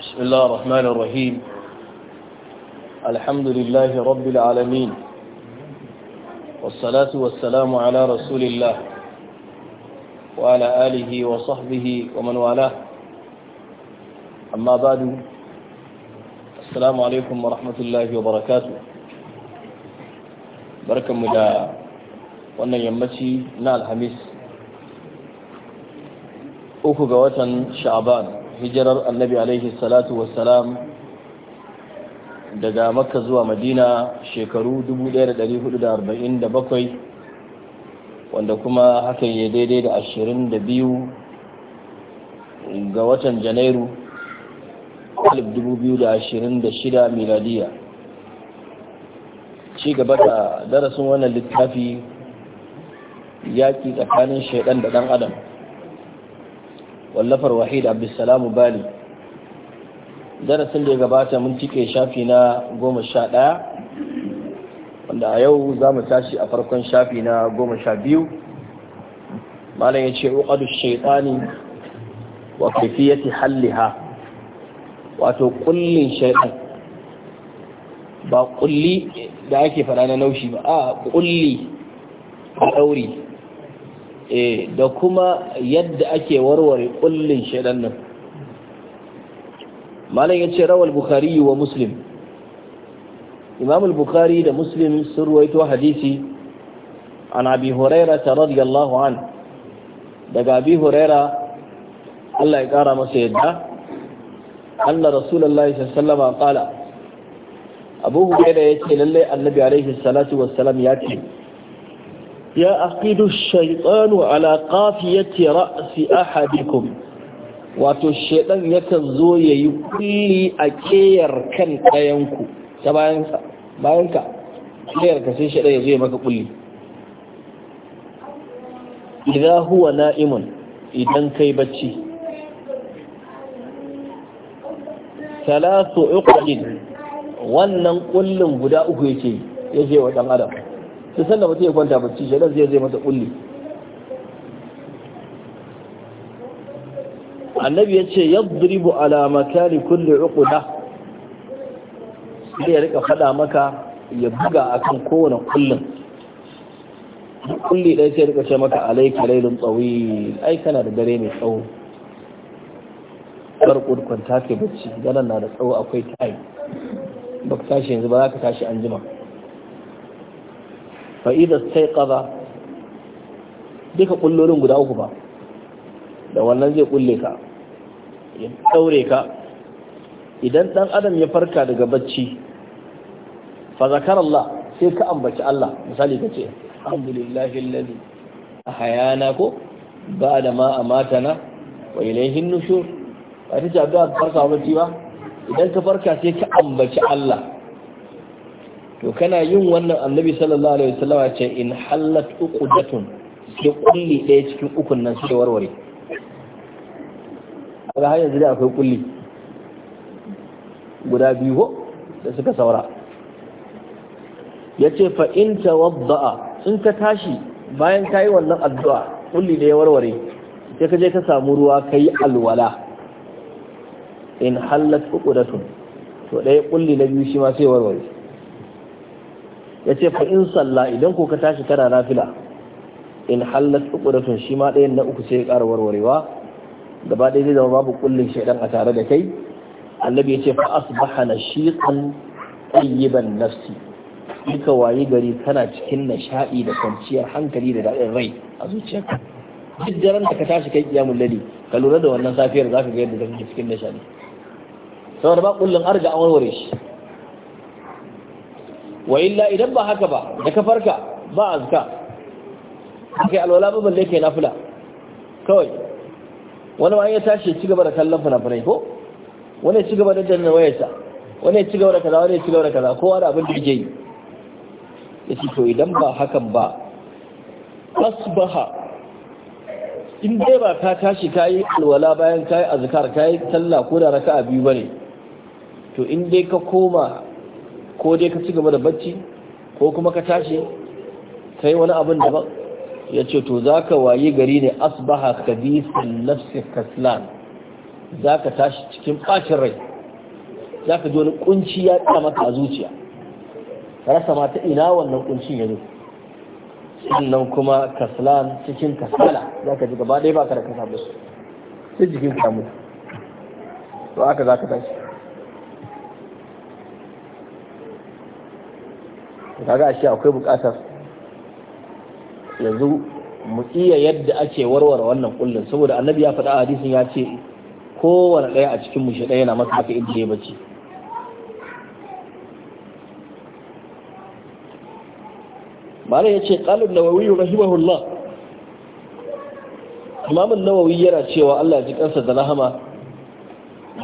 بسم الله الرحمن الرحيم الحمد لله رب العالمين والصلاة والسلام على رسول الله وعلى آله وصحبه ومن والاه أما بعد السلام عليكم ورحمة الله وبركاته بركة مدى وأن يمتي نال حميس أخو شعبان hijirar annabi alaihi salatu wassalam daga makka zuwa madina shekaru 1447 wanda kuma hakan ya daidai da 22 ga watan janairu 2026 miladiya ci gaba da darasin wannan littafi yaƙi tsakanin shaidan da ɗan adam wallafar wahid abdulsalamu bali darasin da ya gabata mun cike shafi na goma sha ɗaya wanda a yau za mu tashi a farkon shafi na goma sha biyu malam ya ce uƙadu shaiɗani wa halli halliha wato ƙullin shaiɗan ba ƙulli da ake fara na naushi ba a ƙulli A ɗauri Eh, da kuma yadda ake warware kullin shedan nan malam yace rawal bukhari wa muslim imam al-bukhari da muslim sun ruwaito hadisi an abi hurairah radiyallahu an. daga abi huraira Allah ya kara masa yadda anna rasulullahi sallallahu alaihi wasallam qala abu huraira yace lalle annabi alaihi salatu wassalam ya ce يعقد الشيطان على قافية رأس أحدكم wato shedan yakan zo ya yi kulli a keyar kan ɗayanku ta bayanka ka sai shedan ya zo ya maka kulli idan huwa idan kai bacci talatu uqadin wannan kullun guda uku yake yake wa dan adam sai sanda mutum ya kwanta bacci shi zai zai mata kulli annabi ya ce yadribu ala makari kulli uquda sai ya rika fada maka ya buga akan kowane kullin kulli dai sai rika ce maka alayka laylun tawil ai kana da dare mai tsawo farko kwanta kai bacci ganan na da tsawo akwai time baka tashi yanzu ba za ka tashi anjima fa idza staiqaza duka ƙullorin guda uku ba da wannan zai kulle ka ya daure ka idan ɗan adam ya farka daga barci, fa zakarallah sai ka ambaci Allah misali kace alhamdulillahi alladhi ahayana ko ba'da ma amatana wa ilayhi nushur ba ta ce addu'a ka farka bacci ba idan ka farka sai ka ambaci Allah to kana yin wannan annabi sallallahu alaihi wasallam ce in hallat uqdatun ki kulli ɗaya cikin ukun nan sai warware kaga har yanzu da akwai kulli guda biyu ko da suka saura yace fa in tawadda in ka tashi bayan kai wannan addu'a kulli da ya warware sai ka je ka samu ruwa kai alwala in hallat uqdatun to ɗaya kulli na biyu shi ma sai warware ya ce fa in salla idan ko ka tashi kana nafila in hallat ukuratun shi ma ɗayan na uku sai ya ƙara warwarewa gaba ɗaya zai zama babu kullin shaidan a tare da kai annabi ya ce fa asbaha nashiqan tayyiban nafsi duka wayi gari kana cikin nishaɗi da kwanciyar hankali da daɗin rai a zuciyarka duk daren da ka tashi kai kiyamun ladi ka lura da wannan safiyar zaka ga yadda kake cikin nishadi saboda ba kullun arga an warware shi wa illa idan ba haka ba da ka farka ba azka kai alwala ba balle ke nafila kawai wani ma ya tashi ci gaba da kallon fina-finai ko wani ya ci gaba da danna wayarsa wani ya ci gaba da kaza wani ya ci gaba da kaza kowa da abin da yake yi yace to idan ba hakan ba asbaha in dai ba ka tashi yi alwala bayan kayi azkar yi sallah ko da raka'a biyu bane to in dai ka koma ko dai ka ci gaba da bacci ko kuma ka tashi kai wani abin daban ya ce to za ka waye gari ne asbaha kabisin nafsi kaslan za ka tashi cikin ɓacin rai za ka ji wani kunci ya tsaya maka zuciya rasa ma ta ina wannan kuncin ya zo sannan kuma kaslan cikin kasala za ka ji gaba ɗaya ba ka da kasa ba su sai jikin ka mutu to aka za ka tashi kaga ashe akwai bukatar yanzu mu iya yadda ake warware wannan kullun saboda annabi ya faɗa hadisin ya ce kowane ɗaya a cikin mu shi ɗaya yana masa haka inda ya bace malam yace qala an-nawawi rahimahullah imam an-nawawi yana cewa Allah ji kansa da rahama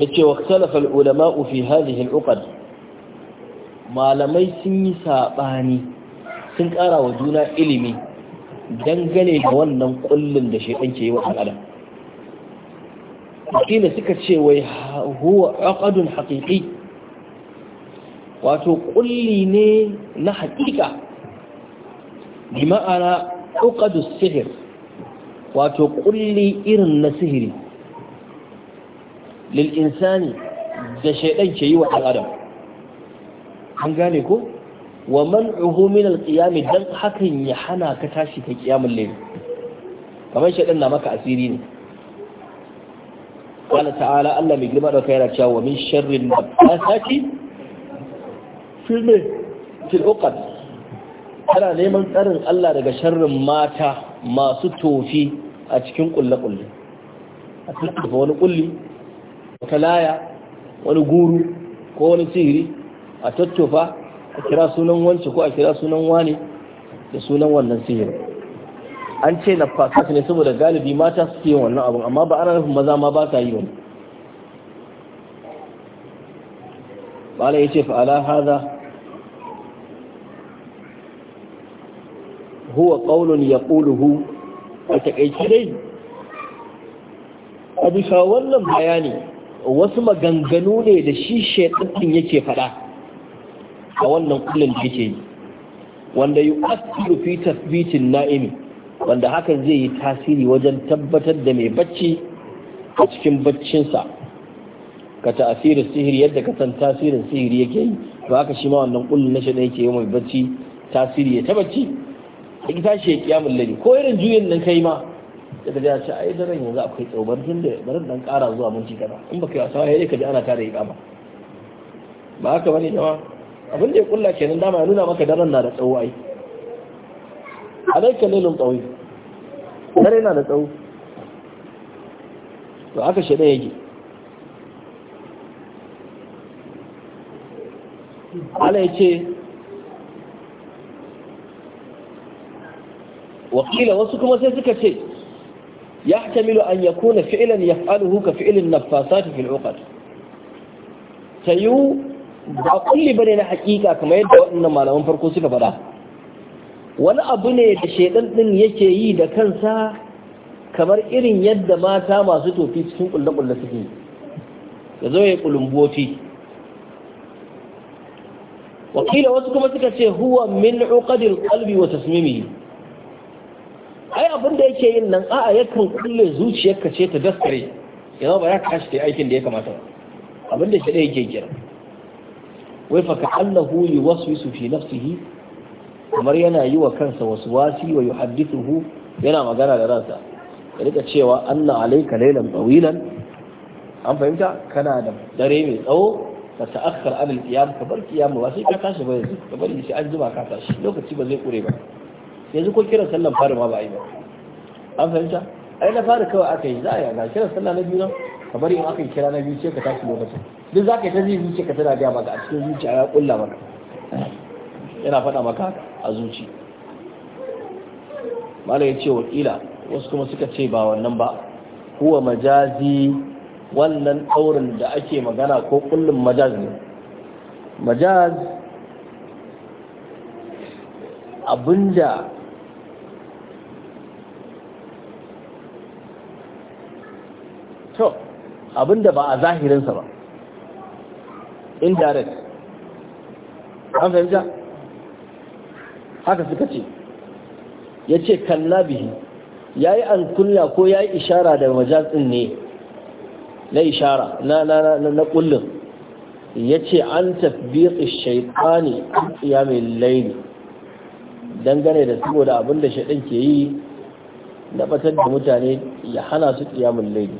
yace wa ikhtalafa al-ulama fi hadhihi al-uqad malamai sun yi saɓani sun ƙara wa juna ilimi dangane da wannan kullum da shaidan ke yi wa adam wakila suka ce wai huwa ƙaƙadun haƙiƙi wato kulli ne na haƙiƙa bi ma'ana ƙaƙadun sihir wato kulli irin na sihiri lil insani da shaiɗan ke yi wa adam an gane ko wa man'uhu min al-qiyam dan hakan ya hana ka tashi ka kiyamul layl kamar shedan na maka asiri ne qala ta'ala Allah mai girma da kai yana cewa min sharri nafasati filme fil uqad tana neman tsarin Allah daga sharrin mata masu tofi a cikin kulle-kulle a cikin wani kulli wata laya wani guru ko wani sihiri a tattofa a kira sunan wance ko a kira sunan wane da sunan wannan sihiri an ce na fasas ne saboda galibi mata suke yin wannan abin amma ba ana nufin maza ma ba ta yi wani bala ya ce fa'ala haza huwa ƙaunin ya hu, a taƙaici dai a bisa wannan bayani wasu maganganu ne da shi shaɗin yake faɗa a wannan kullum da yake yi wanda yi asiru fi tasbitin na'imi wanda hakan zai yi tasiri wajen tabbatar da mai bacci a cikin baccinsa ka ta'asirin sihiri yadda ka san tasirin sihiri yake yi to haka shi ma wannan kullum na shaɗa yake yi mai bacci tasiri ya ta bacci a ita shi ya kiyamun lari ko irin juyin nan kai ma daga da ce a yi daren yanzu akwai tsobar tun da bari dan kara zuwa ci gaba in baka yi wasa ya yi ka ji ana tare ya kama ba haka bane jama'a abin da ya kulla kenan dama ya nuna maka daren na da tsawo ai alaika lailun tsawo? dare na da tsawo to aka shi ɗaya yake ala ya ce wakila wasu kuma sai suka ce يحتمل أن يكون فعلا يفعله كفعل النفاسات fil'ukat Ta yiwu. ba kulli bane na hakika kamar yadda waɗannan malaman farko suka faɗa wani abu ne da shaidan din yake yi da kansa kamar irin yadda mata masu tofi cikin kulle-kulle suke ya zo ya kulumboti wakila wasu kuma suka ce huwa min uqadil qalbi wa tasmimihi ai abin da yake yin nan a'a yakan kulle zuciyarka ce ta daskare yanzu ba ya kashi ta aikin da ya kamata abin da shi yake kira wai fa ka'allahu yuwaswisu fi nafsihi kamar yana yi wa kansa wasu wasi wa yuhaddithuhu yana magana da ransa ya rika cewa anna alayka laylan tawilan an fahimta kana da dare mai tsawo ka ta'akhkhar an qiyam ka bar qiyam ba sai ka tashi ba yanzu ka bari shi an jima ka tashi lokaci ba zai kure ba yanzu ko kiran sallan fara ma ba yi ba an fahimta ai na fara kawai aka yi za a yi kiran sallah na biyu nan kamar in aka kira na biyu sai ka tashi lokacin duk za ka yi ta zai zuciya ka tana biya maka a cikin zuciya ya kulla maka yana faɗa maka a zuci malam ya ce wakila wasu kuma suka ce ba wannan ba Kuwa majazi wannan ɗaurin da ake magana ko kullum majaz ne majaz abin da to abinda ba a zahirinsa ba indirect an fahimta haka suka ce ya ce kalla bihi ya yi an kunya ko ya yi ishara da majatsin ne na ishara na kullum ya ce an ne shaitani ya mai laini dangane da saboda abinda shaɗin ke yi na batar da mutane ya hana su ƙiyamun laini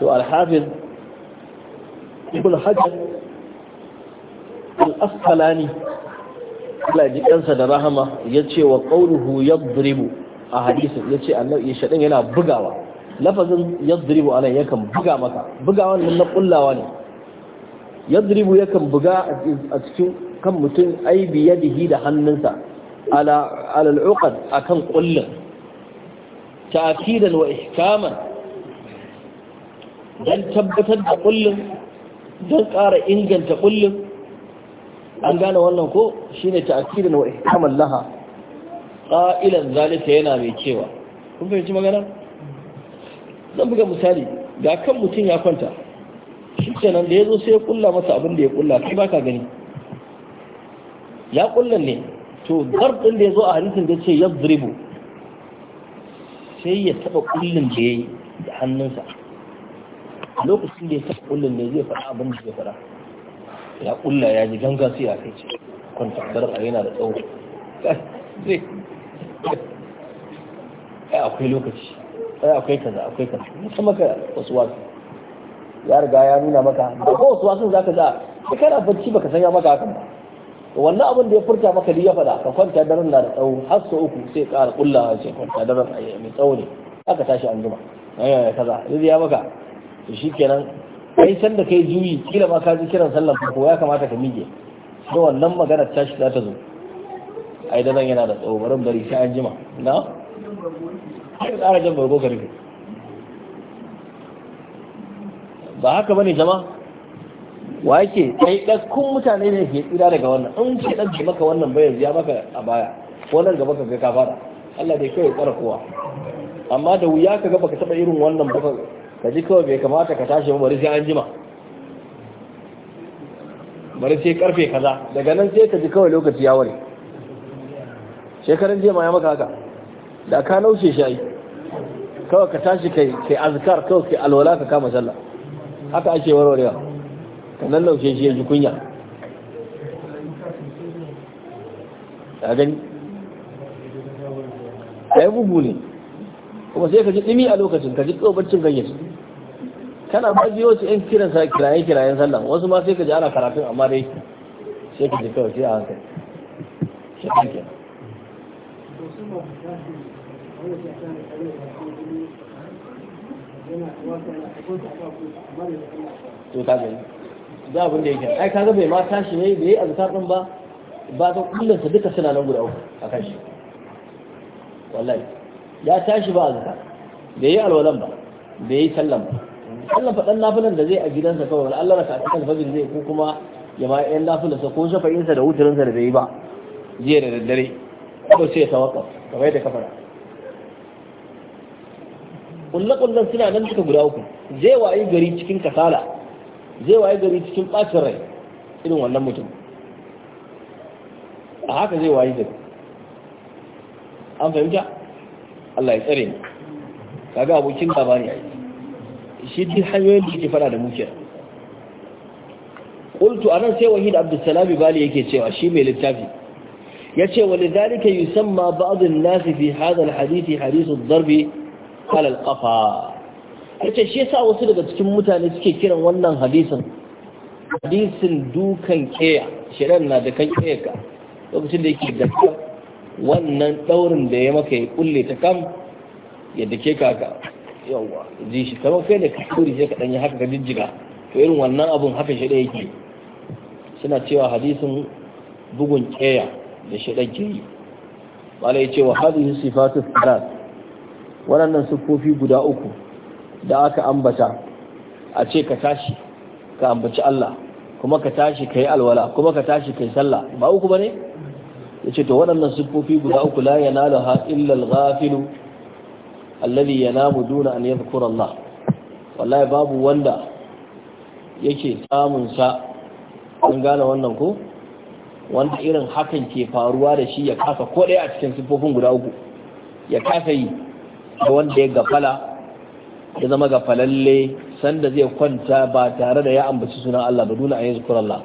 to alhafiz ibn hajar al-asqalani Allah ji da rahama ya ce wa qawluhu yadribu a hadisin ya ce annabi shaɗin yana bugawa lafazin yadribu anan yakan buga maka bugawa nan na kullawa ne yadribu yakan buga a cikin kan mutum ai biyadihi da hannunsa ala a kan uqad akan wa ihkaman don tabbatar da kullum don ƙara inganta kullum an gane wannan ko shine ta'kidan wa ihkaman laha qailan zalika yana mai cewa kun fahimci magana zan buga misali ga kan mutum ya kwanta shi kenan da ya zo sai ya kulla masa abin da ya kulla kai baka gani ya kulla ne to darb din da ya zo a hadisin da ce yadribu sai ya taba kullun da yayi da hannunsa lokacin da ya saka kullun ne zai faɗa abin da zai faɗa ya kulla ya ji ganga sai ya kai ce kwanta bar a yana da tsawo zai ai akwai lokaci ai akwai kaza akwai kaza musa maka wasu wasu ya riga ya nuna maka da ko wasu wasu zaka za ka kana bacci baka sanya maka hakan ba wannan abin da ya furta maka da ya faɗa ka kwanta daren na da tsawo har sau uku sai ƙara kulla ce kwanta daren mai tsawo ne aka tashi an jima kaza zai ya maka to shikenan kai san da kai juyi kila ma ka ji kiran sallan farko ya kamata ka mige to wannan magana ta shi za ta zo ai da yana da tsawo bari bari sai an jima na ai tsara jan bargo ka rufe ba haka bane jama'a wa yake kai kun mutane ne ke tsira daga wannan in ce dan ji maka wannan bayan ya maka a baya Ko nan gaba ka ga ka fara Allah bai kai ya tsara kowa amma da wuya ka ga baka taba irin wannan baka ka ji kawai bai kamata ka tashi bari sai an jima bari sai karfe kaza daga nan sai ka ji kawai lokaci ya ware shekaran jima ya maka haka da ka naushe shi kawai ka tashi kai kai azkar kawai kai alwala ka kama sallah haka ake warwarewa ka nan naushe shi ya ji kunya Ya gani Ya yi bugu ne kuma sai ka ji dimi a lokacin ka ji tsobacin cin ganyen kana ba ji wasu yan kiran sa kiraye kirayen sallah wasu ma sai ka ji ana karatun amma dai sai ka ji kawai sai a hankali shaɗin ke to ka gani da abin da yake ai kaga bai ma tashi ne bai azkar din ba ba ta kullun sa duka suna nan guda uku akan shi wallahi ya tashi ba azkar bai yi alwalan ba bai yi sallan ba Allah faɗan nafilan da zai a gidansa kawai wani Allah raka cikin fajr zai ko kuma ya ma yan sa ko insa da wutarinsa da bai yi ba jiya da daddare ko sai ya tawakkaf kamar yadda kafara kullu kullu suna nan suka guda uku zai wayi gari cikin kasala zai wayi gari cikin ɓacin rai irin wannan mutum a haka zai wayi gari an fahimta Allah ya tsare kaga abokin gaba ne a yi shi duk hanyoyin da yake fada da muke qultu anan sai wahid abdussalam bali yake cewa shi mai littafi yace wa lidhalika yusamma ba'd an-nas fi hadha al-hadith hadith ad-darb ala al-qafa yace shi yasa wasu daga cikin mutane suke kiran wannan hadisin hadisin dukan keya shirin na da kan keyaka lokacin da yake da wannan daurin da ya maka ya kulle ta kam yadda ke kaka yawwa ji shi kamar kai da kuri sai ka danyi haka ka jijjiga to irin wannan abun haka shi ɗaya yake suna cewa hadisin bugun keya da shi ɗan ke yi malai cewa hadhihi sifatu thalath waɗannan siffofi guda uku da aka ambata a ce ka tashi ka ambaci Allah kuma ka tashi ka yi alwala kuma ka tashi kai sallah ba uku bane yace to waɗannan siffofi guda uku la da ha illal ghafilu alladhi yanamu duna an yadhkura Allah wallahi babu wanda yake samun sa an gane wannan ko wanda irin hakan ke faruwa da shi ya kasa ko ɗaya a cikin siffofin guda uku ya kasa yi da wanda ya gafala ya zama gafalalle sanda zai kwanta ba tare da ya ambaci sunan Allah ba duna an yadhkura Allah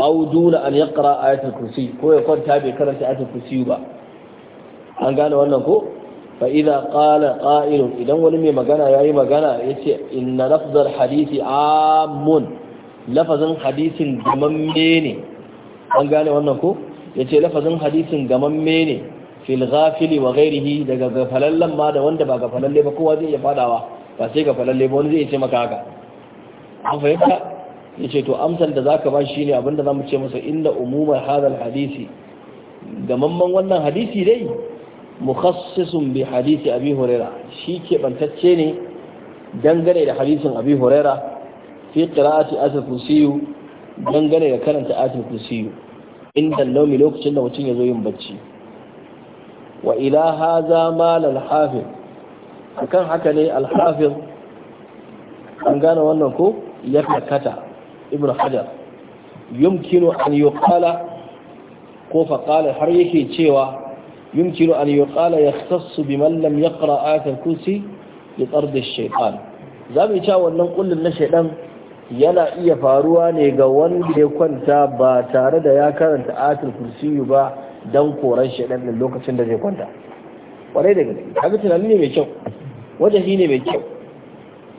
aw duna an yaqra ayatul kursi ko ya kwanta bai karanta ayatul kursi ba an gane wannan ko fa idza qala qa'ilun idan wani mai magana yayi magana yace inna lafzal hadisi amun lafazin hadisin gamamme ne an gane wannan ko yace lafazin hadisin gamamme ne fil ghafili wa ghairihi daga gafalallen ma da wanda ba gafalalle ba kowa zai iya fadawa ba sai gafalalle ba wani zai ce maka haka an fahimta yace to amsar da zaka ba shi ne abinda zamu ce masa inda umumar hadal hadisi gamamman wannan hadisi dai mukhassisun bi hadisi abi huraira shi keɓantacce ne dangane da hadisin abi huraira fi qira'ati ayatul kursiyu dangane da karanta ayatul kursiyu inda laumi lokacin da mutum ya zo yin bacci wa ila haza mal al-hafiz akan haka ne al-hafiz an gane wannan ko ya karkata ibnu hajar yumkinu an yuqala ko faqala har yake cewa يمكن أن يقال mallam بمن لم يقرأ آية الكرسي لطرد الشيطان zamu yi cewa wannan kullun na shaidan yana iya faruwa ne ga wanda ya kwanta ba tare da ya karanta ayatul kursiyu ba dan koran shaidan lokacin da zai kwanta kwarai da gaske haka ne mai kyau wajahi ne mai kyau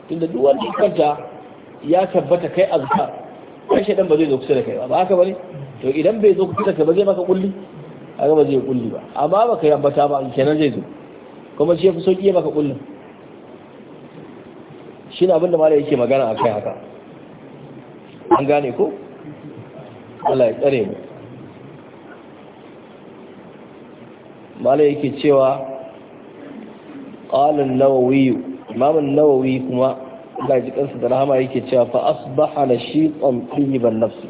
tunda duk wanda ya ya tabbata kai azkar kai shaidan ba zai zo kusa da kai ba haka bane to idan bai zo kusa da kai ba zai maka kulli kaga ba zai kulli ba amma ba yi yabbata ba kenan zai zo kuma shi yafi sauki baka kullin shi na abinda malai yake magana a kai haka an gane ko Allah ya tsare mu malai yake cewa qala an-nawawi imam an-nawawi kuma Allah ya ji kansa da rahama yake cewa fa asbaha nashiqan tayyiban nafsi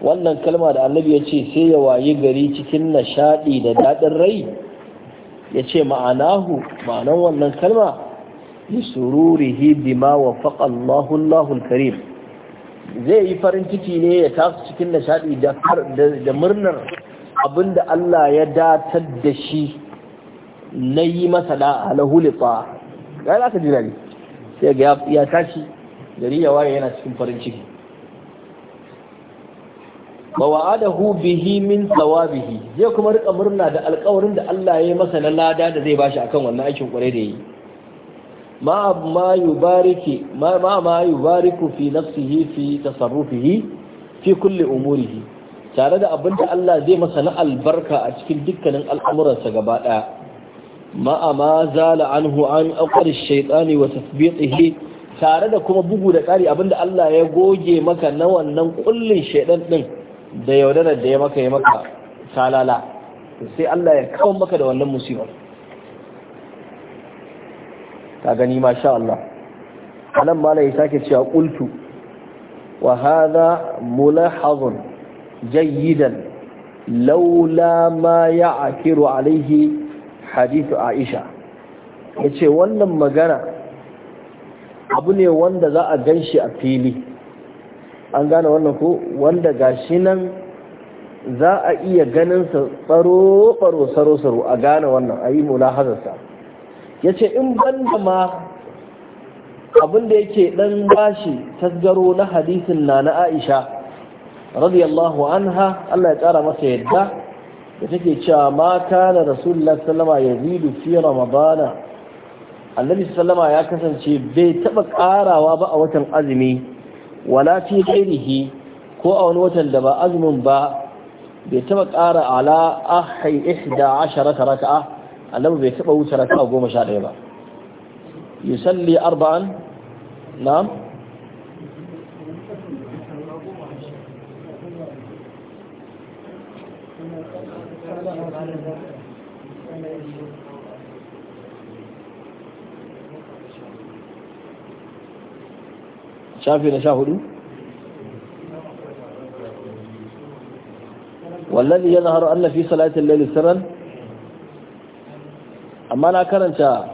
wannan kalma da annabi ya ce sai ya wayi gari cikin nishaɗi da daɗin rai ya ce ma'anahu ma'anan wannan kalma lisururihi bima wa faƙallahu Allahul karim zai yi farin ciki ne ya tasu cikin nishaɗi da murnar abinda Allah ya datar da shi na yi masa da'a na hulitsa ga za ka ji sai ga ya tashi gari ya waye yana cikin farin ciki bawa'adahu bihi min thawabihi zai kuma rika murna da alƙawarin da Allah ya yi masa na lada da zai bashi akan wannan aikin kwarai da yi ma ma yubariki ma ma yubariku fi nafsihi fi tasarrufihi fi kulli umurihi tare da abin da Allah zai masa na albarka a cikin dukkanin al'amuransa gaba daya ma ma zala anhu an ash shaytani wa tasbiqihi tare da kuma bugu da ƙari abin da Allah ya goge maka na wannan kullin shaydan din da yaudarar da ya maka ya maka salala sai Allah ya kawo maka da wannan musibar ta gani masha Allah anan mala ya sake cewa kultu. wa mula hazun jayyidan laula ma ya'kiru alaihi hadithu Aisha Ya ce wannan magana abu ne wanda za a ganshi a fili an gane wannan ko wanda gashi nan za a iya ganin sa tsaro tsaro saro saro a gane wannan a yi hazarsa ya ce in banda ma abin da yake dan bashi tasgaro na hadisin na na aisha radiyallahu anha Allah ya tsara masa yadda da take cewa ma da rasulullah sallama yazidu fi ramadana annabi sallama ya kasance bai taba karawa ba a watan azumi wala fi ghairihi ko a wani watan da ba azumin ba bai taba ƙara ala ahai ihda asharata raka'a annabi bai taba wuce raka'a goma sha ɗaya ba yusalli arba'an na'am shafi na sha hudu wallazi ya zaharu Allah fi salatin laili sirran amma na karanta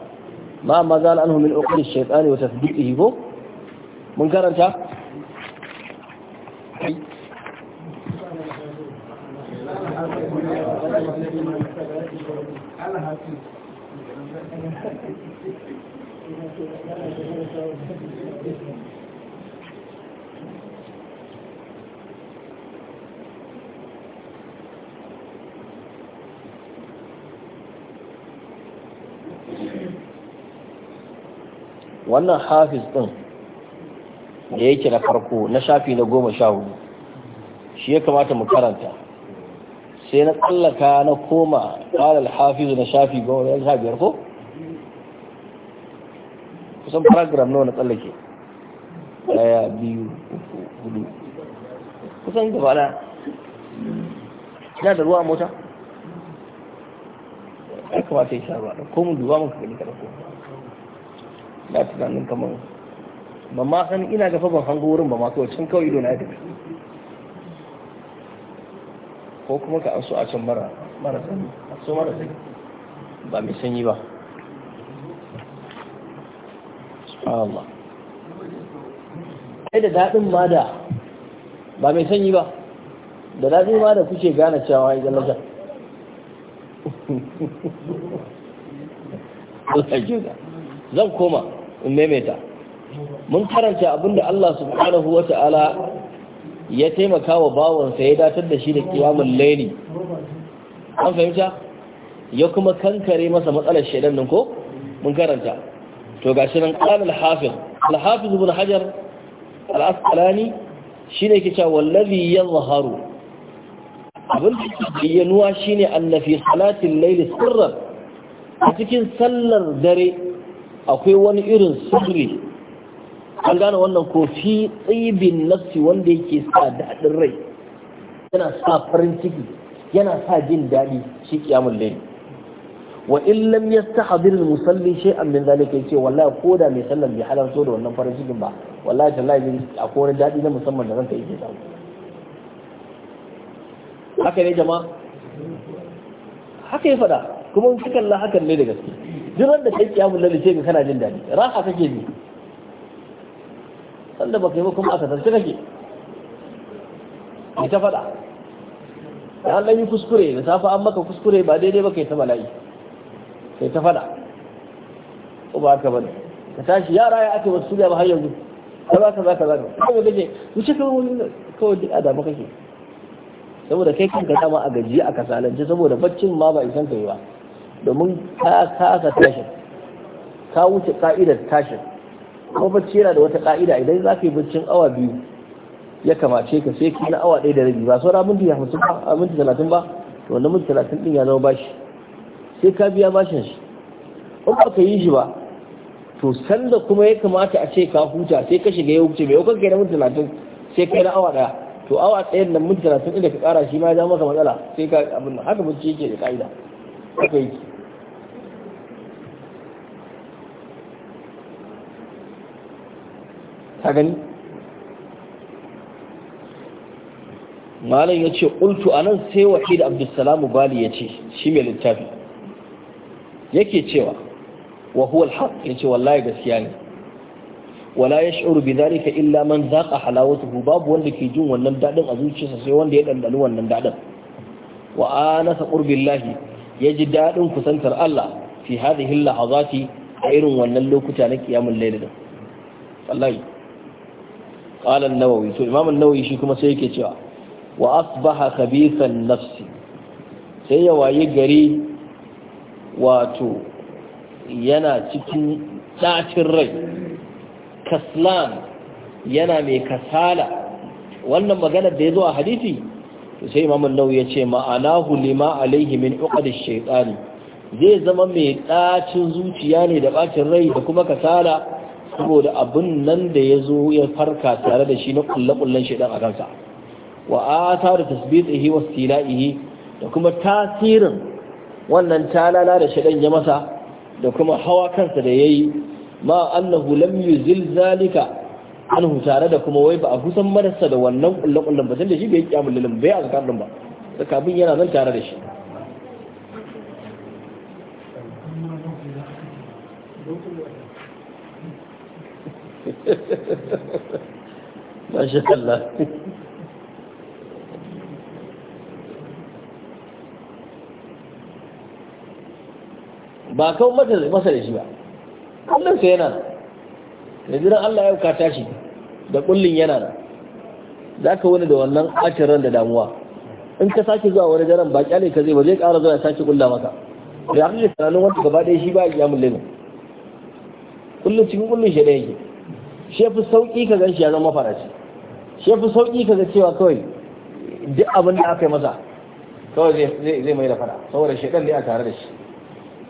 ma ma zal anhu min uqli shaytani wa tasdiqihi ko mun karanta Thank you. wannan hafiz ɗin da yake na farko na shafi na goma sha hudu shi ya kamata mu karanta sai na tsallaka na koma ƙalar hafiz na shafi goma sha biyar ko kusan paragraf nawa na tsallake ɗaya biyu uku hudu kusan gaba na da ruwa mota ya kamata ya sha ruwa ko mu duba muka gani ka ɗauko ba tunanin kamar ba ma san ina gafa ban hango wurin ba ma kawai kawai ido na ya tafi ko kuma ka anso a can mara mara sanyi so mara sanyi ba mai sanyi ba Allah ai da daɗin ma da ba mai sanyi ba da daɗin ma da kuke gane cewa ya zama zan zan koma in maimaita mun karanta abinda Allah subhanahu wa ta'ala ya taimaka wa bawansa ya datar da shi da kiyamun laili an fahimta ya kuma kankare masa matsalar shaidan nan ko mun karanta to gashi nan qala al-hafiz al-hafiz ibn hajar al-asqalani shine ke cewa wallazi yadhharu abin da bayyanuwa shine annafi salatin layl sirran a cikin sallar dare akwai wani irin sirri an gane wannan kofi fi tsibin nafsi wanda yake sa daɗin rai yana sa farin ciki yana sa jin daɗi shi kiyamun laili wa in lam yastahdir musalli shay'an min zalika yace wallahi ko da mai sallan bai halarto da wannan farin cikin ba wallahi tallahi akwai wani daɗi na musamman da ranka yake samu haka ne jama'a haka ya faɗa kuma in kalla hakan ne da gaske duk wanda kai kiyamun lalle sai ka kana jin daɗi raha kake bi sanda baka yi ba kuma aka zarce kake ita faɗa da an yi kuskure da safa an maka kuskure ba daidai ba kai ta bala'i kai ta faɗa ko ba haka bane ka tashi yara ya ake wasu ba har yanzu ka za ka za ka za ka kawai kake ce kawai wani kawai duk adama kake saboda kai kanka dama a gajiya a kasalance saboda baccin ma ba isan kai ba domin ka kasa tashin ka wuce ka'idar tashin kuma bacci yana da wata ka'ida idan za ka yi baccin awa biyu ya kamace ka sai ki na awa ɗaya da rabi ba saura minti hamsin ba a minti talatin ba to wanda minti talatin ɗin ya zama bashi sai ka biya bashin shi in ba ka yi shi ba to sanda kuma ya kamata a ce ka huta sai ka shiga ya wuce mai yau kai na minti talatin sai kai na awa ɗaya to awa ɗaya na minti talatin ɗin da ka ƙara shi ma ya zama maka matsala sai ka abin haka bacci yake da ƙa'ida haka yake ka gani malam ya ce ultu a nan sai wahid abdulsalamu bali ya ce shi mai littafi yake cewa wa huwa alhaq ya ce wallahi gaskiya ne wala ya shi'uru bi zalika illa man zaqa halawatuhu babu wanda ke jin wannan dadin a zuciyarsa sai wanda ya dandani wannan dadin wa anasa qurbillahi ya ji dadin kusantar Allah fi hadhihi lahazati a irin wannan lokuta na kiyamul layl wallahi قال النووي nawawi to النووي شي shi kuma sai yake cewa wa asbaha khabithan nafsi sai ya waye gari wato yana cikin ɗacin rai kaslan yana mai kasala wannan magana da ya zo a hadisi to sai imam an ya ce ma'anahu lima alaihi min uqad ash-shaytan zai zama mai ɗacin zuciya ne da ɓacin rai da kuma kasala saboda abin nan da ya zo ya farka tare da shi na kulle-kullen shaidan a kansa wa ta da tasbihi wa istila'ihi da kuma tasirin wannan talala da shaidan ya masa da kuma hawa kansa da ya yi, ma annahu lam yuzil zalika anhu tare da kuma wai ba a kusan marasa da wannan kulle-kullen ba da shi bai kiyamul lilim bai a zakarin ba da kabin yana zan tare da shi ba kawo masa da shi ba Kullunsa yana da jiran Allah ya bukata shi da kullun yana da za ka wani da wannan ran da damuwa in ka sake zuwa wani daren ba kyale ka zai ba zai ƙara zuwa sake kulla maka da ya kake tsananin wata gaba ɗaya shi ba a iya mulli kullum cikin kullum shi ɗaya yake shefi sauƙi ka gan shi ya zama farashi shefi sauƙi ka ga cewa kawai duk abin da aka yi masa kawai zai mai da fara saboda shekar da a tare da shi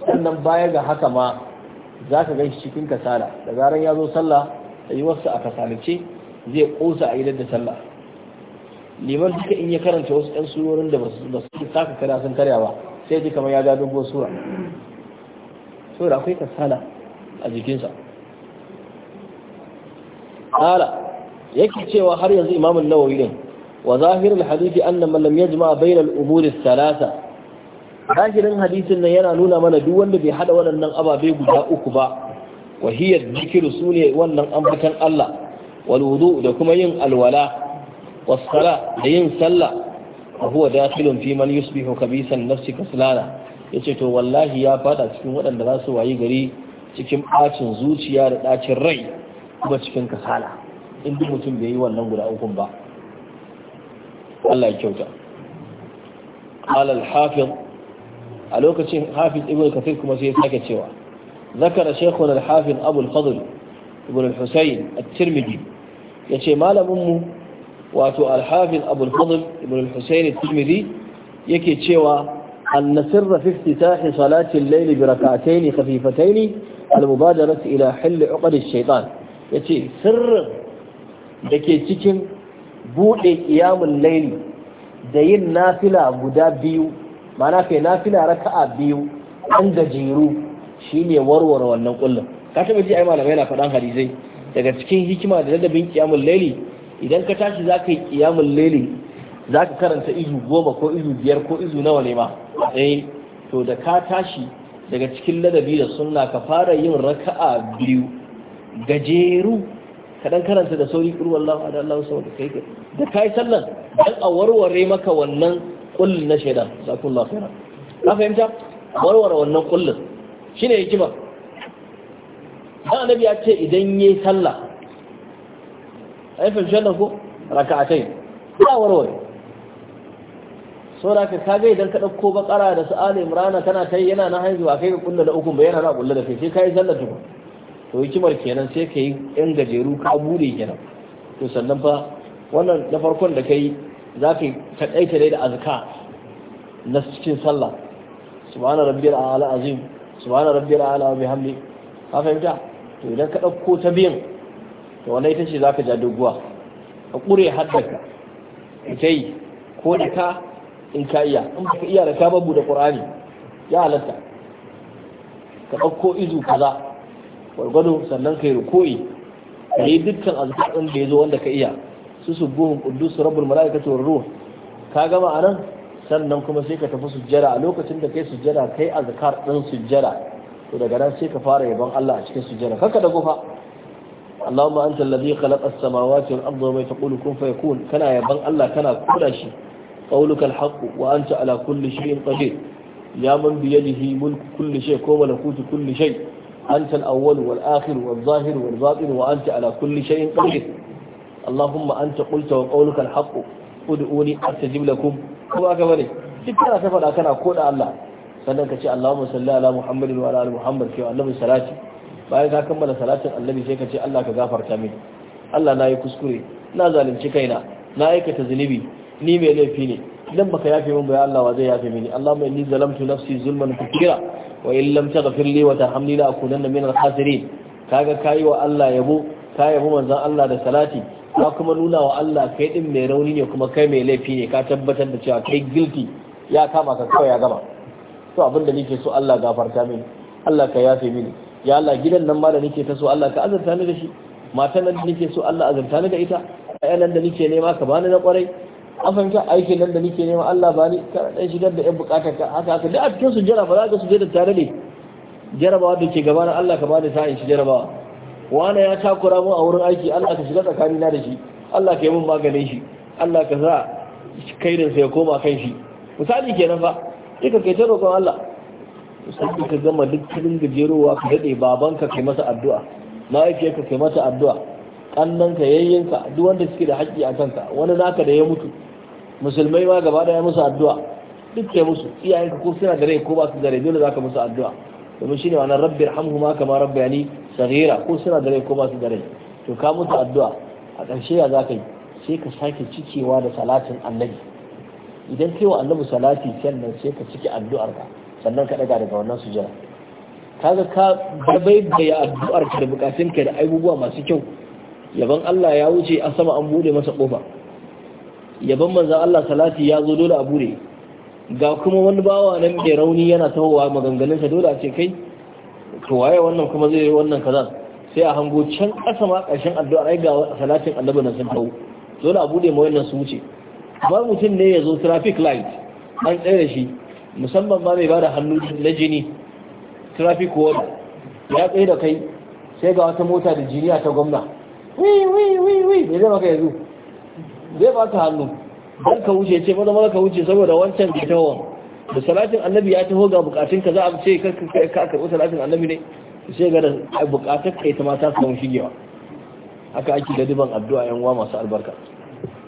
sannan baya ga haka ma za ka gan shi cikin kasala da zaran ya zo sallah a yi wasu a kasalace zai ƙosa a yi da sallah liman duka in ya karanta wasu 'yan surorin da ba su saka kada sun karya ba sai ji kamar ya ga dogon sura saboda akwai kasala a jikinsa ala yake cewa har yanzu imam an-nawawi din wa zahirul hadisi anna man lam yajma bayna al-umuri thalatha zahirin hadisin nan yana nuna mana duk wanda bai hada waɗannan ababe guda uku ba wa hiya dhikru sune wannan ambatan Allah wal wudu da kuma yin alwala was sala da yin sallah wa huwa dakhilun fi man yusbihu kabisan nafsi kaslana yace to wallahi ya fada cikin waɗanda za su wayi gari cikin bacin zuciya da ɗacin rai kuma cikin kasala in duk mutum bai yi wannan guda ukun ba Allah ya kyauta قال الحافظ a lokacin hafiz ibn kathir kuma sai ya sake cewa zakara shaykhuna al-hafiz abu al ibn al-husayn at yace malamin mu wato al-hafiz abu ibn yake cewa أن سر في افتتاح صلاة الليل بركعتين خفيفتين المبادرة إلى حل عقد الشيطان ya ce sirrin da ke cikin buɗe ƙiyamun laili da yin nafila guda biyu mana kai nafila raka'a biyu ɗan gajeru shine warware wannan kullum ka taɓa ji yi malamai na faɗan harizai daga cikin hikima da ladabin ƙiyamun laili idan ka tashi za ka yi ƙiyamun laili za ka karanta izu goma ko izu biyar ko izu nawa ne ma eh to da ka tashi daga cikin ladabi da sunna ka fara yin raka'a biyu gajeru kadan karanta da sauri kul wallahu ahad Allahu samad kai da kai sallan dan a warware maka wannan kullun na shaida. zakullahu khairan ka fahimta warware wannan kullun shine hikima dan annabi ya ce idan yayi sallah ai fa janna ko raka'atai ba warware saboda ka kage idan ka dauko bakara da su ali imrana kana kai yana na haihuwa kai ka kullu da uku bayana yana na kullu da kai sai kai sallar tukun to hikimar kenan sai ka yi yan gajeru ka bude kenan to sannan fa wannan na farkon da kai za ka kaɗaita dai da azka na cikin sallah subhana rabbiyal a'la azim subhana rabbiyal a'la wa bihamdi ka fahimta to idan ka ɗauko ta biyan to wannan ita ce za ka ja doguwa ka ƙure haddaka ita yi ko da ka in ka iya in ka iya da ka babu da ƙur'ani ya halatta ka ɗauko izu kaza gwargwado sannan ka yi rukoi ka yi dukkan azkarin da ya zo wanda ka iya Susu buhun kudu su rabu mara'a ka tsoro ka gama a nan sannan kuma sai ka tafi sujjara lokacin da kai sujjara kai azkar ɗin sujjara to daga nan sai ka fara yabon Allah a cikin sujjara kanka da gufa Allahumma anta alladhi khalaqa as-samawati wal arda wa taqulu kun fayakun kana yabon Allah kana kula shi qawluka al-haqq wa anta ala kulli shay'in qadir ya man bi yadihi mulku kulli shay' wa malakutu kulli shay' أنت الأول والآخر والظاهر والباطن وأنت على كل شيء قدير اللهم أنت قلت وقولك الحق ادعوني أستجب لكم هو أكبر شكرا كفر أكنا أقول الله sannan ka ce Allahumma salli ala Muhammadin wa ala Muhammad cewa annabi salati bayan ka kammala salatin annabi sai ka ce Allah ka gafarta min. Allah na yi kuskure na zalunci kaina na aikata zunubi ni mai laifi ne idan baka yafe min bai Allah wa zai yafe mini Allahumma inni zalamtu nafsi zulman katira wa in lam taghfir li wa tarhamni la akunanna min al-khasirin kaga kai wa Allah yabo ka yabo manzon Allah da salati ka kuma nuna wa Allah kai din mai rauni ne kuma kai mai laifi ne ka tabbatar da cewa kai guilty ya kama ka kawai ya gama to abinda da nake so Allah gafarta mini Allah ka yafe mini ya Allah gidan nan ma da nake ta so Allah ka azurta ni da shi matan nan da nake so Allah azurta ni da ita nan da nake nema ka bani na kwarai an fahimta aikin nan da nake nema Allah ba ni kana dan shigar da yan bukatar ka haka haka Da a cikin jira ba za ka da tare ne jarabawa da ke gabanin Allah ka bani sa'in shi jarabawa wani ya takura mu a wurin aiki Allah ka shiga tsakani na da shi Allah ka yi mun maganin shi Allah ka sa kairin sa ya koma kan shi misali kenan fa sai ka kai ta roƙon Allah sai ka gama duk cikin gajerowa ka dade babanka kai masa addu'a mahaifiyarka kai masa addu'a ƙannanka yayyanka duk wanda suke da haƙƙi a kanka wani naka da ya mutu musulmai ma gaba daya musu addu'a duk ke musu iyayenka ko suna da rai ko ba su da rai dole zaka musu addu'a domin shine wannan rabbi irhamhuma kama rabbayani saghira ko suna da rai ko ba su da to ka musu addu'a a ƙarshe ya zaka yi sai ka sake cikewa da salatin annabi idan kai wa annabi salati sannan sai ka cike addu'ar ka sannan ka daga daga wannan su kaga ka baibaya addu'ar ka da bukatun ka da abubuwa masu kyau yaban Allah ya wuce a sama an bude masa kofa yaban manzan Allah salati ya zo dole a bure ga kuma wani bawa nan mai rauni yana tahowa sa dole a ce kai to waye wannan kuma zai yi wannan kaza sai a hango can ƙasa ma ƙarshen addu'a ai ga salatin annabi nan sun tawo dole a bude ma wannan su wuce ba mutum ne ya zo traffic light an tsaya shi musamman ma mai bada hannu na jini traffic ward ya tsaye da kai sai ga wata mota da jiniya ta gwamna wi wi wi wi me zai maka yanzu zai ba ta hannu don ka wuce ce maza maza ka wuce saboda wancan ta taho da salatin annabi ya taho ga bukatun ka za a ce ka ka karɓi salatin annabi ne ce ga da bukatun ka ita mata su samu shigewa haka ake da duban addu'a yan uwa masu albarka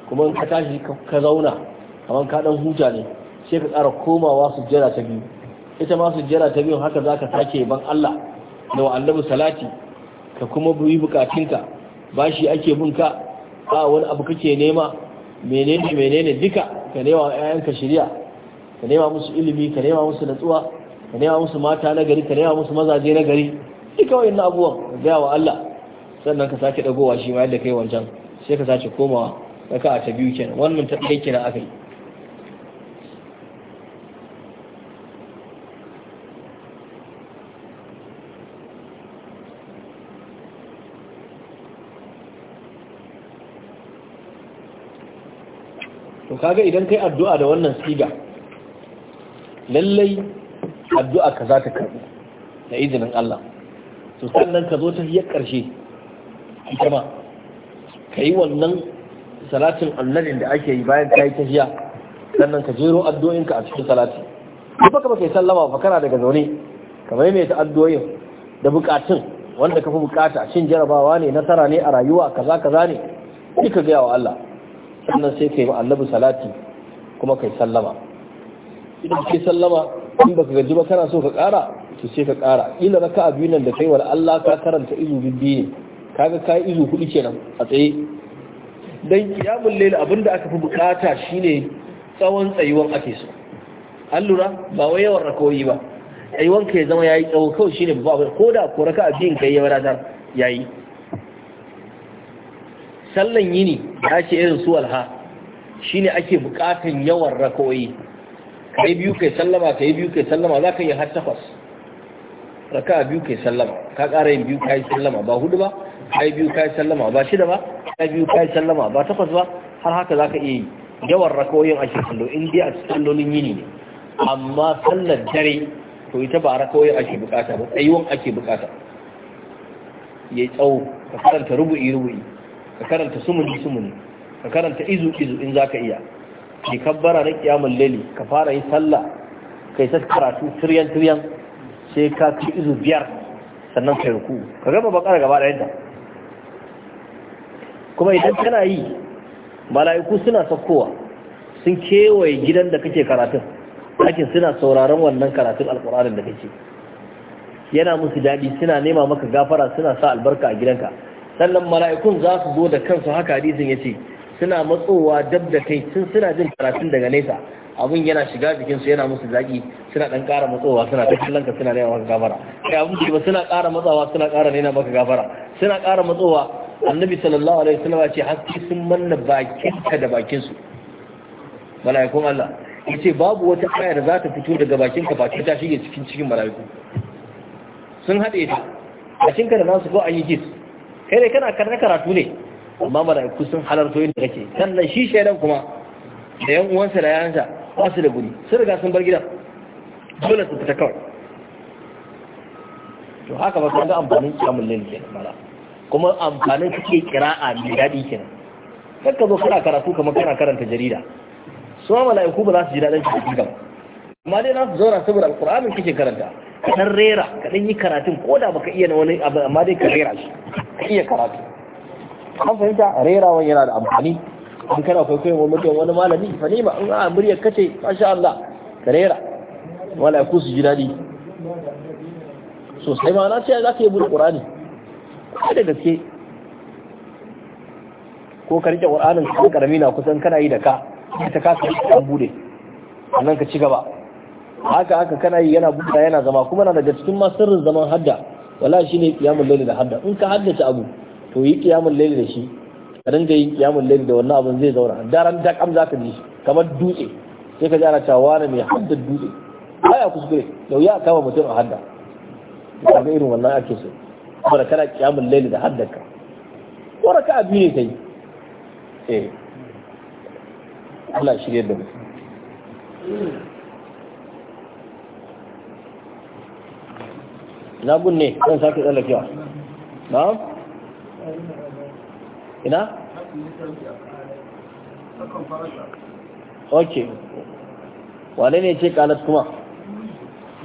kuma in ka tashi ka zauna kamar ka dan huta ne sai ka ƙara komawa jira ta biyu ita ma jira ta biyu haka ka sake ban Allah da wa annabi salati ka kuma bi ka bashi ake bin ka ba wani abu kake nema menene menene duka ka nema ƴaƴanka shirya ka nema musu ilimi ka nema musu natsuwa ka nema musu mata na gari ka nema musu mazaje na gari duka wayannan abubuwan ka gaya wa Allah sannan ka sake dagowa shi ma yadda kai wancan sai ka sake komawa ka ta biyu kenan wannan ta ɗaya kenan akai kaga idan kai addu'a da wannan siga lallai addu'a ka za ta karɓi da izinin Allah to sannan ka zo ta hiyar ƙarshe ita ma ka yi wannan salatin annabin da ake yi bayan ka yi tafiya sannan ka jero addu'o'inka a cikin salati ko baka baka sallama ba kana daga zaune ka maimaita addu'o'in da bukatun wanda ka fi bukata shin jarabawa ne nasara ne a rayuwa kaza kaza ne sai ka gaya wa Allah sannan sai ka yi annabi salati kuma kai sallama idan kai sallama in baka gaji ba kana so ka kara? to sai ka kara ila raka biyu nan da kai wal Allah ka karanta izu bibbi ne kaga kai izu hudu kenan a tsaye dan qiyamul layl abinda aka fi bukata shine tsawon tsayuwan ake so allura ba wai yawan rakoyi ba tsayuwan ka ya zama yayi tsawo kawai shine babu ko da ko raka abin kai ya wadatar yayi sallan yini ya ce irin su alha shine ake bukatan yawan Ka kai biyu kai sallama kai biyu kai sallama za ka yi har takwas raka biyu kai sallama ka ƙara yin biyu kai sallama ba hudu ba kai biyu kai sallama ba shida ba kai biyu kai sallama ba takwas ba har haka za ka iya yi yawan rakoyin a shekaru in dai a sallolin yini ne amma sallar dare to ita ba rakoyin ake bukata ba tsayuwan ake bukata ya tsawo ka karanta rubu'i rubu'i ka karanta sumuni sumuni ka karanta izu izu in zaka iya ki kabbara na kiyamul laili ka fara yin sallah kai ta karatu tiryan tiryan sai ka ci izu biyar sannan kai ruku ka gaba bakara gaba da kuma idan kana yi mala'iku suna saukowa sun kewaye gidan da kake karatun lakin suna sauraron wannan karatun alkur'anin da kake yana musu daɗi suna nema maka gafara suna sa albarka a gidanka sannan mala'ikun za su zo da kansu haka hadisin ya ce suna matsowa dab da kai sun suna jin karatun daga nesa abun yana shiga jikinsu yana musu zaki suna ɗan ƙara matsowa suna ta kallon ka suna nema maka gafara kai abin da ba suna ƙara matsawa suna ƙara nema maka gafara suna ƙara matsowa annabi sallallahu alaihi wasallam ya ce haske sun manna bakinka da bakinsu mala'ikun Allah yace babu wata aya da za ta fito daga bakinka ba ta shige cikin cikin mala'iku sun haɗe ta bakinka da nasu ko an yi gis. kai ne kana karna karatu ne amma mala'iku sun halarto inda kake sannan shi shaidan kuma da yan uwansa da yayansa ba su da guri sun riga sun bar gidan dole su fita kawai to haka ba ga amfanin kiyamun ne kenan mala kuma amfanin kake kira'a mai daɗi kenan kar ka zo kana karatu kamar kana karanta jarida su ma mala'iku ba za su ji daɗin cikin gaba amma dai na su zauna saboda alƙur'anin kake karanta ka dan rera ka dan yi karatun ko da baka iya na wani abu amma dai ka rera shi ka iya karatu an fahimta rera wani yana da amfani an kana kwaikwayon wani mutum wani malami fa ne ma in a murya kace masha Allah ka rera wala ku su ji daɗi sosai ma na ce za ka yi buɗe ƙurani ko da gaske ko ka rike ƙuranin kan karami na kusan kana yi da ka ta kasa an buɗe sannan ka ci gaba haka haka kana yi yana buɗa yana zama kuma na daga cikin masu sirrin zaman hadda wala shine kiyamun laili da hadda in ka ta abu to yi kiyamun laili da shi ka dinga yin kiyamun laili da wannan abin zai zauna daren dakam zaka ji kamar dutse sai ka ji ana cewa wani mai hadda dutse baya kuskure da wuya kama mutum a hadda ka ga irin wannan ake so da kana kiyamun laili da hadda ka ko raka'a biyu ne kai eh Allah shirye da mu ina gunne don sake tsallakewa na ina ok wane ne ce kalat kuma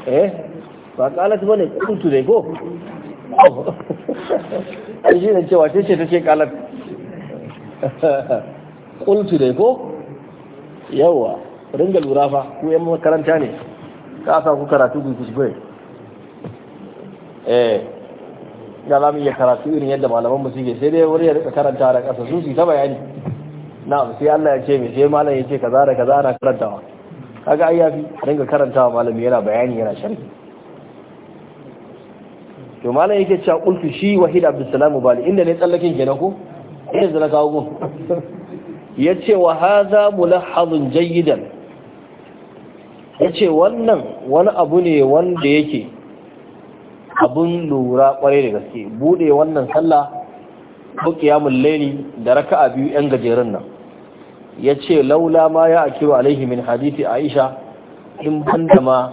eh ba kalat ba ne kuntu dai ko ai shi ne cewa ce ce ta ce kalat kuntu dai ko yawa ringa lura fa ku yan makaranta ne ka sa ku karatu ku kuskure eh za mu iya karatu irin yadda malaman mu suke sai dai wuri ya rika karanta da kasa su ta bayani na sai Allah ya ce me sai malam ya ce kaza da kaza ana karantawa kaga ai yafi dinga karantawa malami yana bayani yana sharhi to malam yake cewa ulfi shi wahid abdussalam bali inda ne tsallakin kenan ko yanzu na kawo gun yace wa hadha mulahhadun jayyidan yace wannan wani abu ne wanda yake abun lura kwarai da gaske bude wannan sallah ko qiyamul layli da raka'a biyu yan gajeren nan yace laula ma ya akiru alaihi min hadisi aisha in banda ma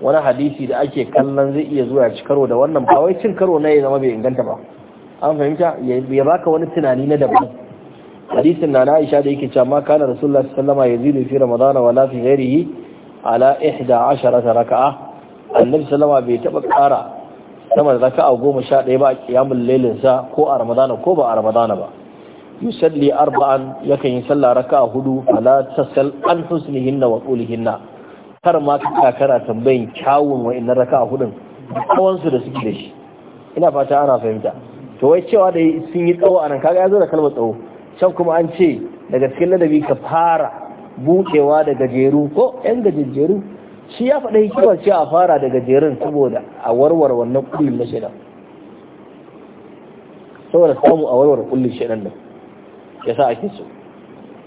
wani hadisi da ake kallon zai iya zuwa ci karo da wannan ba wai cin karo na ya zama bai inganta ba an fahimta ya baka wani tunani na daban hadisin na na aisha da yake cewa ma kana rasulullahi sallallahu alaihi wasallam yazidu fi ramadana wala fi ghairihi ala 11 raka'a annabi sallama bai taba kara sama da raka'a goma sha ɗaya ba a kiyamun lailinsa ko a ramadana ko ba a ramadana ba yusalli arba'an yakan yi sallah raka'a hudu a tasal an husnihinna wa qulihinna kar ma ka kakara tambayin kyawun wa'annan raka'a hudun tsawon su da suke da shi ina fata ana fahimta to wai cewa da sun yi tsawo anan kaga ya zo da kalmar tsawo can kuma an ce daga cikin ladabi ka fara bukewa da gajeru ko yan gajejjeru shi ya faɗa hikimar cewa a fara daga jerin saboda a warware wannan kullum na shaidan saboda samu a warware kullum shaidan nan ya sa ake so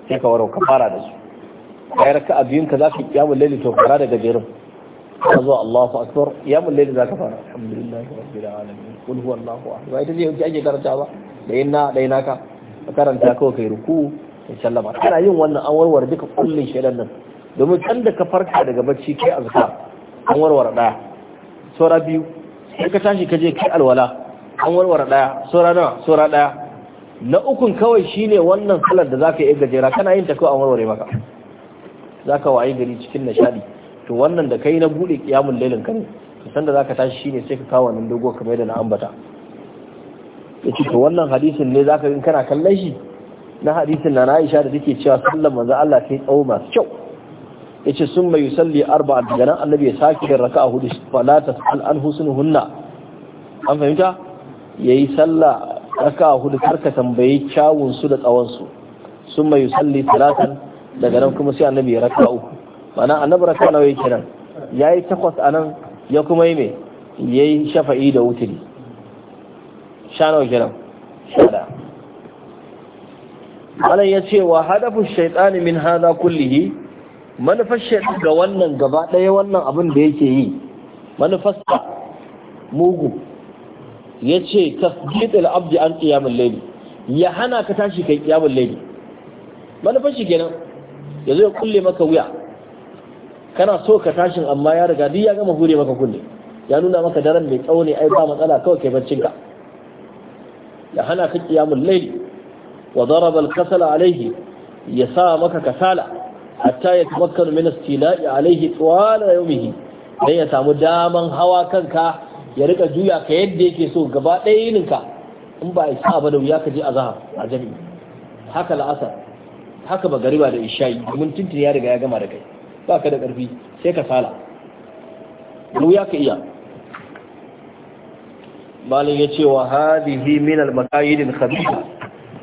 sai ka warware ka fara da su kai raka a biyun ka za ka yi laili to fara daga jerin ka zo Allahu akbar yamun laili za ka fara alhamdulillah rabbil alamin kul huwa Allahu ahad wai ta je ake karanta ba da yin na da naka ka karanta kawai kai ruku in sallama kana yin wannan an warware duka kullum shaidan nan domin can da ka farka daga bacci kai azkar an warware daya saura biyu sai ka tashi ka kai alwala an warware daya saura nawa saura daya na ukun kawai shine wannan salar da zaka yi gajera kana yin ta kawai an warware maka zaka wayi gari cikin nishadi to wannan da kai na bude kiyamul lailin kan to da zaka tashi shine sai ka kawo nan dogo kamar da na ambata yace to wannan hadisin ne zaka yin kana kallon shi na hadisin na Aisha da take cewa sallar manzo Allah ta yi tsawo masu kyau yace sun mai yusalli arba'a daga nan annabi ya sake yin raka'a hudu fala tasal an hunna an fahimta yayi sallah raka'a hudu karka tambaye kyawun su da tsawon su sun mai yusalli talatan daga nan kuma sai annabi ya raka'a uku mana annabi raka'a nawa yake nan yayi takwas anan ya kuma yi me yayi shafa'i da wutiri sha nawa kenan sha da malam ya ce wa hadafu shaitani min hada kullihi manufar shaidu ga wannan gaba ɗaya wannan abin da yake yi manufarsa mugu ya ce gidil abdi an qiyamul layli ya hana ka tashi kai qiyamul layli manufar shi kenan zo ya kulle maka wuya kana so ka tashin amma ya riga duk ya gama hure maka kulle ya nuna maka daren mai tsawo ne ai ba matsala kawai kai baccin ka ya hana ka qiyamul layli wa daraba kasala alaihi ya sa maka kasala hatta ya tamakkanu min istila'i alaihi tsawala yawmihi dan ya samu daman hawa kanka ya rika juya ka yadda yake so gaba ɗaya yininka in ba isa ba da wuya ka je azhar a jami'i haka la'asar haka ba gariba da isha'i domin tuntun ya riga ya gama da kai ba ka da ƙarfi sai ka sala da wuya ka iya malin ya ce wa hadihi min al-makayidin khabisa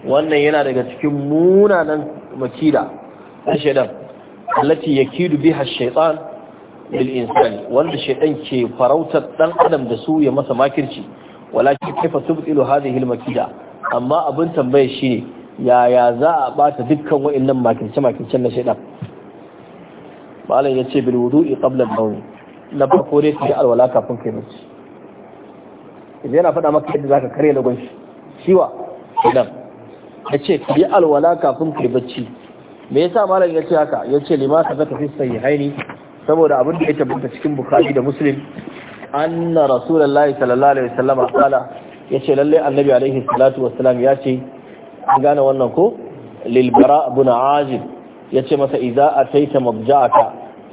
wannan yana daga cikin munanan makida na shaidan allati yakidu biha shaiɗan lil insani wanda shaiɗan ke farautar ɗan adam da su ya masa makirci walakin kaifa tubtilu hadhihi al makida amma abin tambaya shine yaya za a bata dukkan wa'annan makirce makircen na shaytan malam yace bil wudu'i qabla al-nawm na farko dai kai alwala kafin kai bacci yana faɗa maka yadda zaka kare lagon shi shiwa idan yace kai alwala kafin kai bacci me yasa malam ya ce haka ya ce lima sabata fi sahihaini saboda abin da ya tabbata cikin bukhari da muslim anna rasulullahi sallallahu alaihi wasallam qala yace lalle annabi alaihi salatu wassalam ya ce an gane wannan ko lil bara ibn azib yace masa idza ataita mabja'aka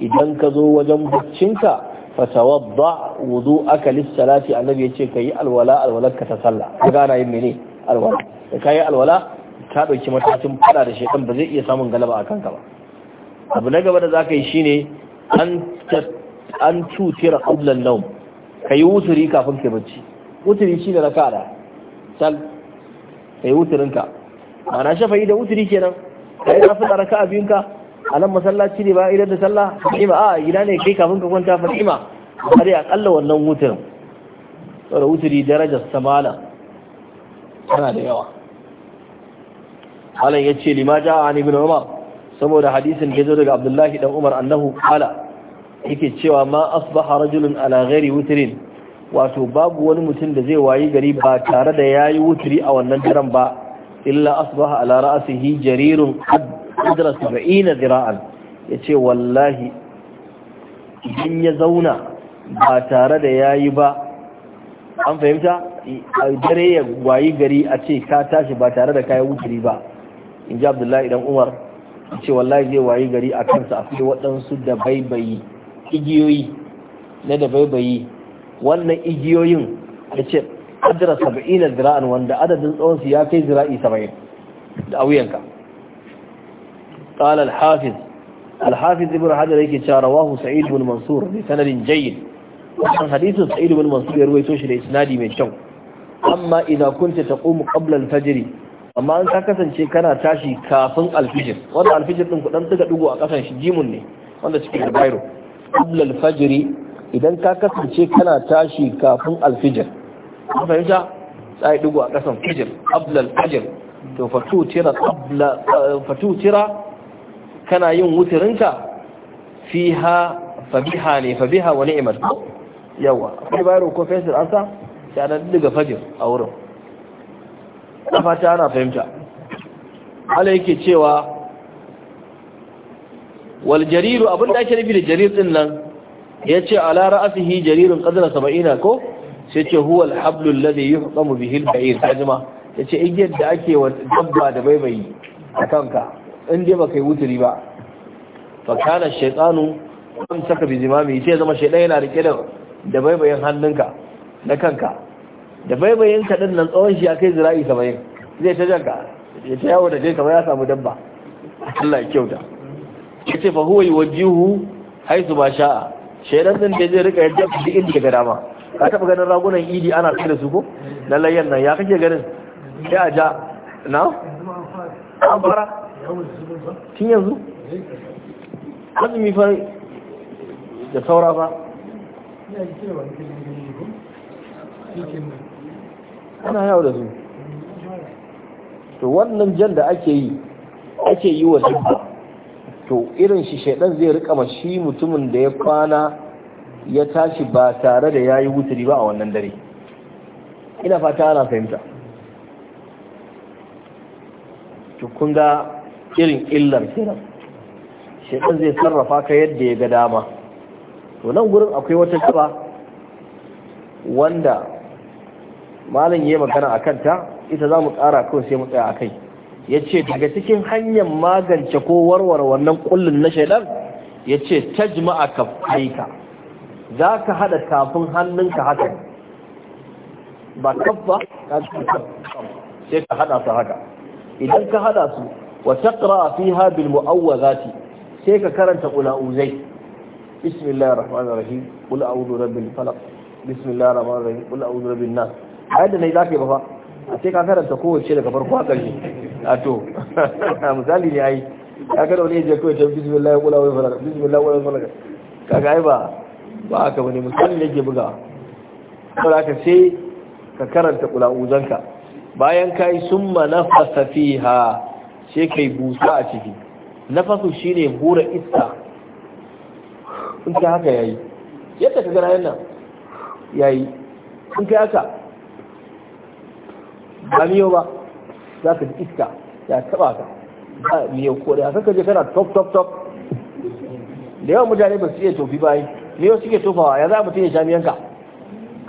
idan ka zo wajen baccinka fatawadda wudu'aka lis salati annabi yace kai alwala alwalaka ta sallah ka gane yin mene alwala kai alwala ta ɗauki matakin fada da shekan ba zai iya samun galaba a kanka ba abu na gaba da za ka yi shi ne an cutar ƙablan laun ka yi wuturi kafin ka bacci wuturi da na kada sal ka yi wuturinka shafa yi da wuturi kenan ka yi rafi raka a biyunka a nan masallaci ne ba idan da sallah fa'ima a gida ne kai kafin ka kwanta fa'ima har ya kalla wannan wuturin saboda wuturi darajar samala tana da yawa malam ya ce ja'a a ibn umar saboda hadisin da zo daga abdullahi dan umar annahu qala yake cewa ma asbaha rajulun ala ghairi wato babu wani mutum da zai wayi gari ba tare da yayi wutri a wannan daren ba illa asbaha ala ra'sihi jarirun qadra 70 dira'an yace wallahi idan ya zauna ba tare da yayi ba an fahimta a dare ya wayi gari a ce ka tashi ba tare da kayan wuturi ba in ji abdullahi dan umar ce wallahi zai wayi gari a kansa akwai waɗansu da baibayi igiyoyi na da baibayi wannan igiyoyin ya ce adira saba'ina zira'an wanda adadin tsawonsu ya kai zira'i saba'in da a wuyanka ƙalar hafiz الحافظ ابن حجر yake cewa rawahu sa'id ibn mansur da sanadin jayyid wannan hadisin sa'id ibn mansur ya ruwaito shi da isnadi mai kyau amma idza kunta taqumu qabla al-fajr amma an ka kasance kana tashi kafin alfijir wanda alfijir din kudan daga dugo a kasan shi jimun ne wanda cike da bayro qabla alfajr idan ka kasance kana tashi kafin alfijir an fahimta sai dugo a kasan fijir qabla alfajr to fatu tira qabla fatu tira kana yin wuturinka fiha fabiha ne fabiha wa ni'mat yawa bayro ko fesir an sa sai an daga fajir a wurin na fata ana fahimta ala yake cewa wal jariru abin da ake nufi da jarir din nan ya ce ala ra'asihi jaririn qadra 70 ko sai ce huwa al-hablu alladhi yuhqamu bihi al-ba'ir kajma yace igiyar da ake wa dabba da baibayi a kanka in dai ba kai wuturi ba fa kana shaytanu am saka bi zimami sai zama shaydan yana rike da da baibayin hannunka na kanka da faibayin ka din nan tsawon shi ya kai zira'i saba'in zai ta janka ya ta yawo da kai kamar ya samu dabba Allah ya kyauta ya ce fa huwa yuwajjihu haisu ba sha'a shaidan din da zai rika yadda duk inda ga dama ka taba ganin ragunan idi ana kai da su ko na layyan nan ya kake ganin Ya a ja na an fara tun yanzu azumi fa da saura ba ana yawo da su to wannan jan da ake yi ake yi wa dabba to irin shi shaidan zai rika ma shi mutumin da ya kwana ya tashi ba tare da yayi wuturi ba a wannan dare ina fata ana fahimta to kun ga irin illar kenan shaidan zai sarrafa ka yadda ya ga dama to nan gurin akwai wata kaba wanda malam yi magana a kanta ita za mu ƙara kawai sai mu tsaya a akai yace daga cikin hanyar magance ko warware wannan kullum na shaidan yace tajma'a Za ka hada tafin hannunka haka ba kaffa sai ka haɗa su haka idan ka haɗa su wa taqra fiha bil mu'awwazati sai ka karanta qula'uzai bismillahir rahmanir rahim qul a'udhu birabbil falaq bismillahir rahmanir rahim qul a'udhu birabbin nas a yadda na yi za ka yi ba fa a sai ka karanta kowace daga farko a ƙarshe a to misali ne ai ya kada wani je kawai ta bismillah kula wani falaka bismillah kula wani falaka kaga ai ba ba haka wani misali ne ke buga saboda ka sai ka karanta kula uzanka bayan kai summa nafasa fiha sai kai busa a ciki nafasu shine hura iska in ka haka ya yi yadda ka yana ya yi in ka haka ba miyo ba za ka ji iska ya taba ka ba miyo ko da ka je kana top top top da yawan mutane ba su iya tofi ba yi miyo suke tofawa ya za mutum ya sha miyanka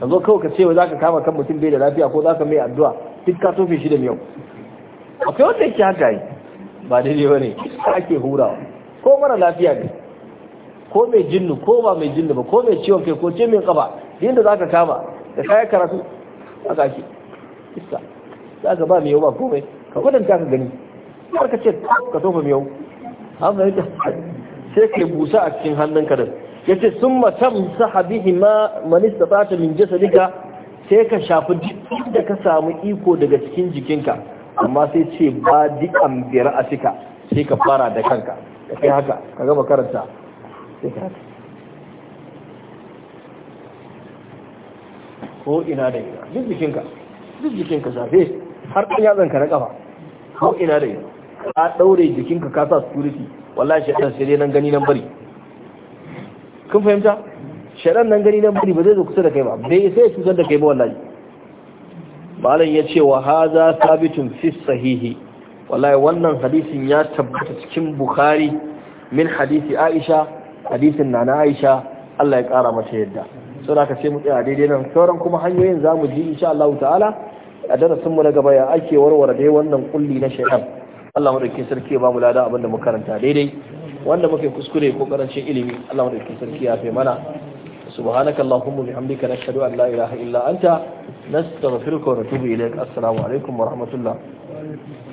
ka zo kawai ka ce wa za ka kama kan mutum bai da lafiya ko za ka mai addu'a duk ka tofe shi da miyo akwai wanda yake haka yi ba daidai ba ne ake hurawa ko mara lafiya ne ko mai jinnu ko ba mai jinnu ba ko mai ciwon kai ko ce mai kaba inda za ka kama da kayan karatu a ake iska za ka ba miyau ba kome ka kwatanta ka gani har ka ce ka tofa miyau an fahimta sai ka busa a cikin hannun ka ya ce sun matan sahabi ma manista ta min dika sai ka shafi duk da ka samu iko daga cikin jikinka amma sai ce ba duk an biyar a cika sai ka fara da kanka ka kai haka ka gama karanta ko ina da ina duk jikinka duk jikinka zafe har ɗan yatsan ka na ƙafa ko ina da ka ɗaure jikinka ka sa security wallahi shaɗan sai dai nan gani nan bari kun fahimta shaɗan nan gani nan bari ba zai zo kusa da kai ba bai sai cutar da kai ba wallahi malam ya ce wa haza sabitun fi sahihi wallahi wannan hadisin ya tabbata cikin bukhari min hadisi aisha hadisin na, na aisha Allah ya kara mata yadda da ka ce mu tsaya daidai nan sauran kuma hanyoyin za mu ji insha Allah ta'ala a darasin mu na gaba ya ake warware dai wannan kulli na shaytan Allah madaukakin sarki ya ba mu lada abin da mu karanta daidai wanda muke kuskure ko karancin ilimi Allah madaukakin sarki ya fe mana سبحانك اللهم وبحمدك نشهد أن لا إله إلا أنت نستغفرك ونتوب إليك السلام عليكم ورحمة الله